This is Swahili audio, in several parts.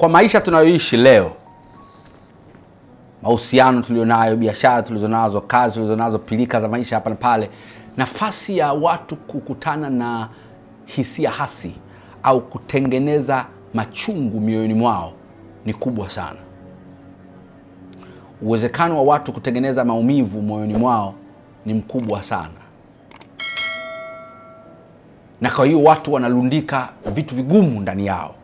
kwa maisha tunayoishi leo, mahusiano tulionayo, biashara tulizonazo, kazi tulizonazo, pilika za maisha hapa na pale, nafasi ya watu kukutana na hisia hasi au kutengeneza machungu mioyoni mwao ni kubwa sana. Uwezekano wa watu kutengeneza maumivu moyoni mwao ni mkubwa sana, na kwa hiyo watu wanalundika vitu vigumu ndani yao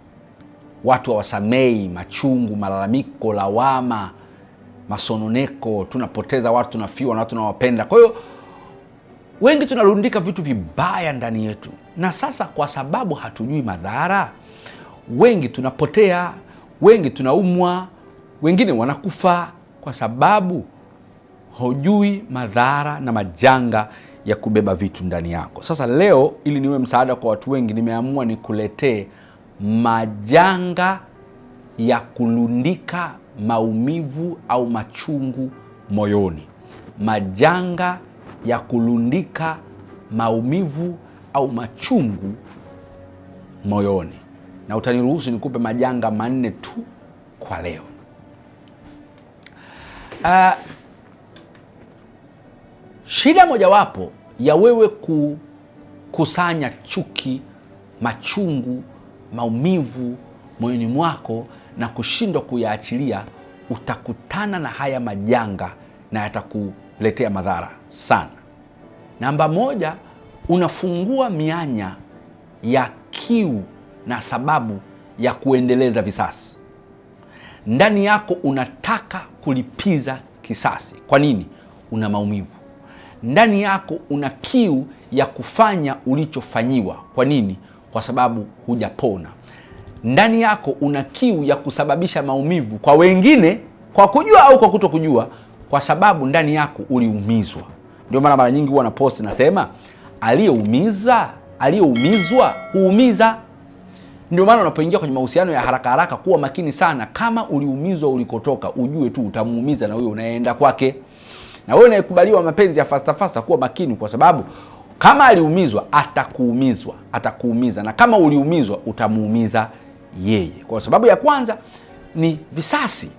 watu hawasamei, machungu, malalamiko, lawama, masononeko, tunapoteza watu, tunafiwa na watu tunawapenda. Kwa hiyo wengi tunarundika vitu vibaya ndani yetu, na sasa kwa sababu hatujui madhara, wengi tunapotea, wengi tunaumwa, wengine wanakufa kwa sababu hujui madhara na majanga ya kubeba vitu ndani yako. Sasa leo, ili niwe msaada kwa watu wengi, nimeamua nikuletee majanga ya kulundika maumivu au machungu moyoni, majanga ya kulundika maumivu au machungu moyoni. Na utaniruhusu nikupe majanga manne tu kwa leo. Uh, shida mojawapo ya wewe kukusanya chuki, machungu maumivu moyoni mwako na kushindwa kuyaachilia, utakutana na haya majanga na yatakuletea madhara sana. Namba moja, unafungua mianya ya kiu na sababu ya kuendeleza visasi ndani yako. Unataka kulipiza kisasi. Kwa nini? Una maumivu ndani yako, una kiu ya kufanya ulichofanyiwa. Kwa nini? kwa sababu hujapona. Ndani yako una kiu ya kusababisha maumivu kwa wengine, kwa kujua au kwa kuto kujua, kwa sababu ndani yako uliumizwa. Ndio maana mara nyingi huwa na post nasema, aliyeumiza aliyeumizwa huumiza. Ndio maana unapoingia kwenye mahusiano ya haraka haraka, kuwa makini sana. Kama uliumizwa ulikotoka, ujue tu utamuumiza na huyo unayeenda kwake. Na wewe unayekubaliwa mapenzi ya fasta fasta, kuwa makini, kwa sababu kama aliumizwa atakuumizwa, atakuumiza, na kama uliumizwa utamuumiza yeye. Kwa sababu ya kwanza ni visasi,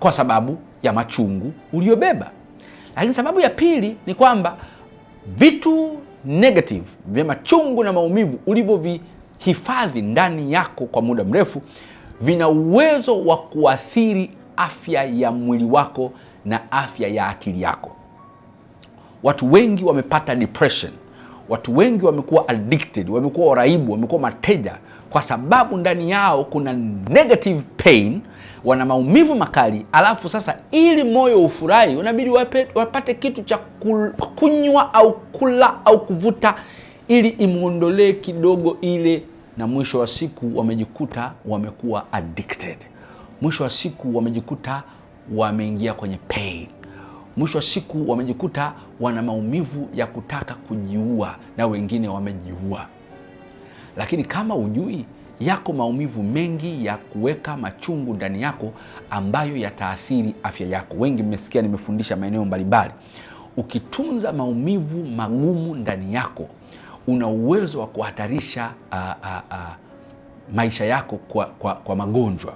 kwa sababu ya machungu uliyobeba. Lakini sababu ya pili ni kwamba vitu negative vya machungu na maumivu ulivyovihifadhi ndani yako kwa muda mrefu vina uwezo wa kuathiri afya ya mwili wako na afya ya akili yako. Watu wengi wamepata depression, watu wengi wamekuwa addicted, wamekuwa waraibu, wamekuwa mateja, kwa sababu ndani yao kuna negative pain, wana maumivu makali. Alafu sasa, ili moyo ufurahi, unabidi wapate kitu cha kunywa au kula au kuvuta, ili imwondolee kidogo ile, na mwisho wa siku wamejikuta wamekuwa addicted, mwisho wa siku wamejikuta wameingia kwenye pain mwisho wa siku wamejikuta wana maumivu ya kutaka kujiua na wengine wamejiua. Lakini kama ujui, yako maumivu mengi ya kuweka machungu ndani yako ambayo yataathiri afya yako. Wengi mmesikia, nimefundisha maeneo mbalimbali. Ukitunza maumivu magumu ndani yako, una uwezo wa kuhatarisha maisha yako kwa, kwa, kwa magonjwa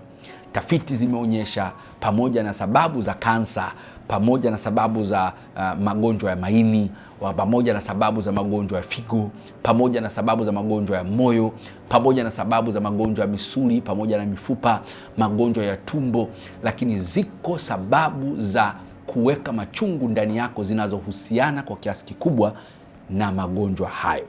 Tafiti zimeonyesha pamoja na sababu za kansa, pamoja na sababu za uh, magonjwa ya maini, pamoja na sababu za magonjwa ya figo, pamoja na sababu za magonjwa ya moyo, pamoja na sababu za magonjwa ya misuli pamoja na mifupa, magonjwa ya tumbo, lakini ziko sababu za kuweka machungu ndani yako zinazohusiana kwa kiasi kikubwa na magonjwa hayo.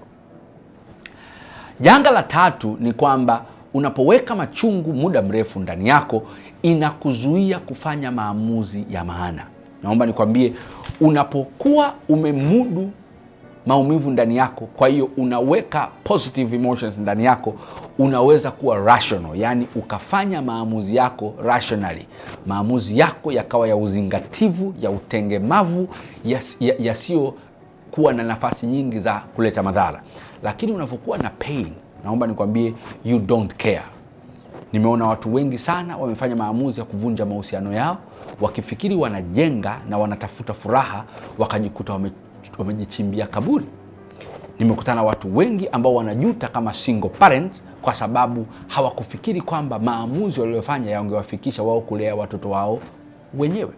Janga la tatu ni kwamba unapoweka machungu muda mrefu ndani yako inakuzuia kufanya maamuzi ya maana. Naomba nikwambie, unapokuwa umemudu maumivu ndani yako, kwa hiyo unaweka positive emotions ndani yako, unaweza kuwa rational, yaani ukafanya maamuzi yako rationally, maamuzi yako yakawa ya uzingativu, ya utengemavu, yasiyokuwa ya, ya na nafasi nyingi za kuleta madhara. Lakini unapokuwa na pain, naomba nikwambie you don't care. Nimeona watu wengi sana wamefanya maamuzi ya kuvunja mahusiano yao wakifikiri wanajenga na wanatafuta furaha, wakajikuta wame, wamejichimbia kaburi. Nimekutana watu wengi ambao wanajuta kama single parents kwa sababu hawakufikiri kwamba maamuzi waliyofanya yangewafikisha wao kulea watoto wao wenyewe.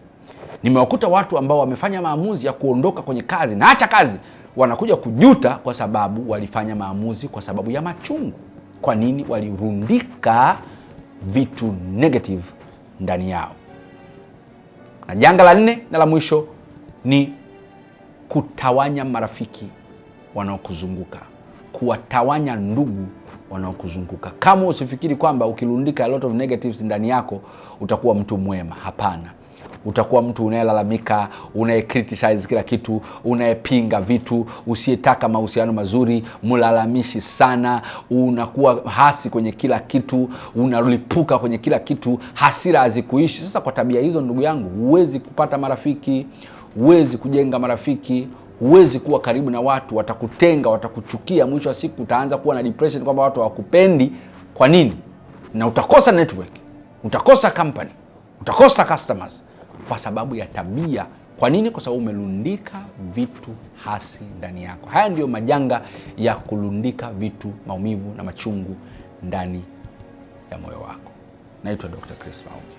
Nimewakuta watu ambao wamefanya maamuzi ya kuondoka kwenye kazi, naacha kazi wanakuja kujuta kwa sababu walifanya maamuzi kwa sababu ya machungu. Kwa nini? Walirundika vitu negative ndani yao. Na janga la nne na la mwisho ni kutawanya marafiki wanaokuzunguka, kuwatawanya ndugu wanaokuzunguka. Kama usifikiri kwamba ukirundika a lot of negatives ndani yako utakuwa mtu mwema, hapana utakuwa mtu unayelalamika, unaye kila kitu, unayepinga vitu, usiyetaka mahusiano mazuri, mlalamishi sana, unakuwa hasi kwenye kila kitu, unalipuka kwenye kila kitu, hasira hazikuishi. Sasa kwa tabia hizo, ndugu yangu, huwezi kupata marafiki, huwezi kujenga marafiki huwezi kuwa karibu na watu, watakutenga, watakuchukia. Mwisho wa siku utaanza kuwa na depression kwamba watu hawakupendi. Kwa nini? Na utakosa network, utakosa company, utakosa customers kwa sababu ya tabia. Kwa nini? Kwa sababu umelundika vitu hasi ndani yako. Haya ndiyo majanga ya kulundika vitu, maumivu na machungu ndani ya moyo wako. Naitwa Dr. Chris Mauki.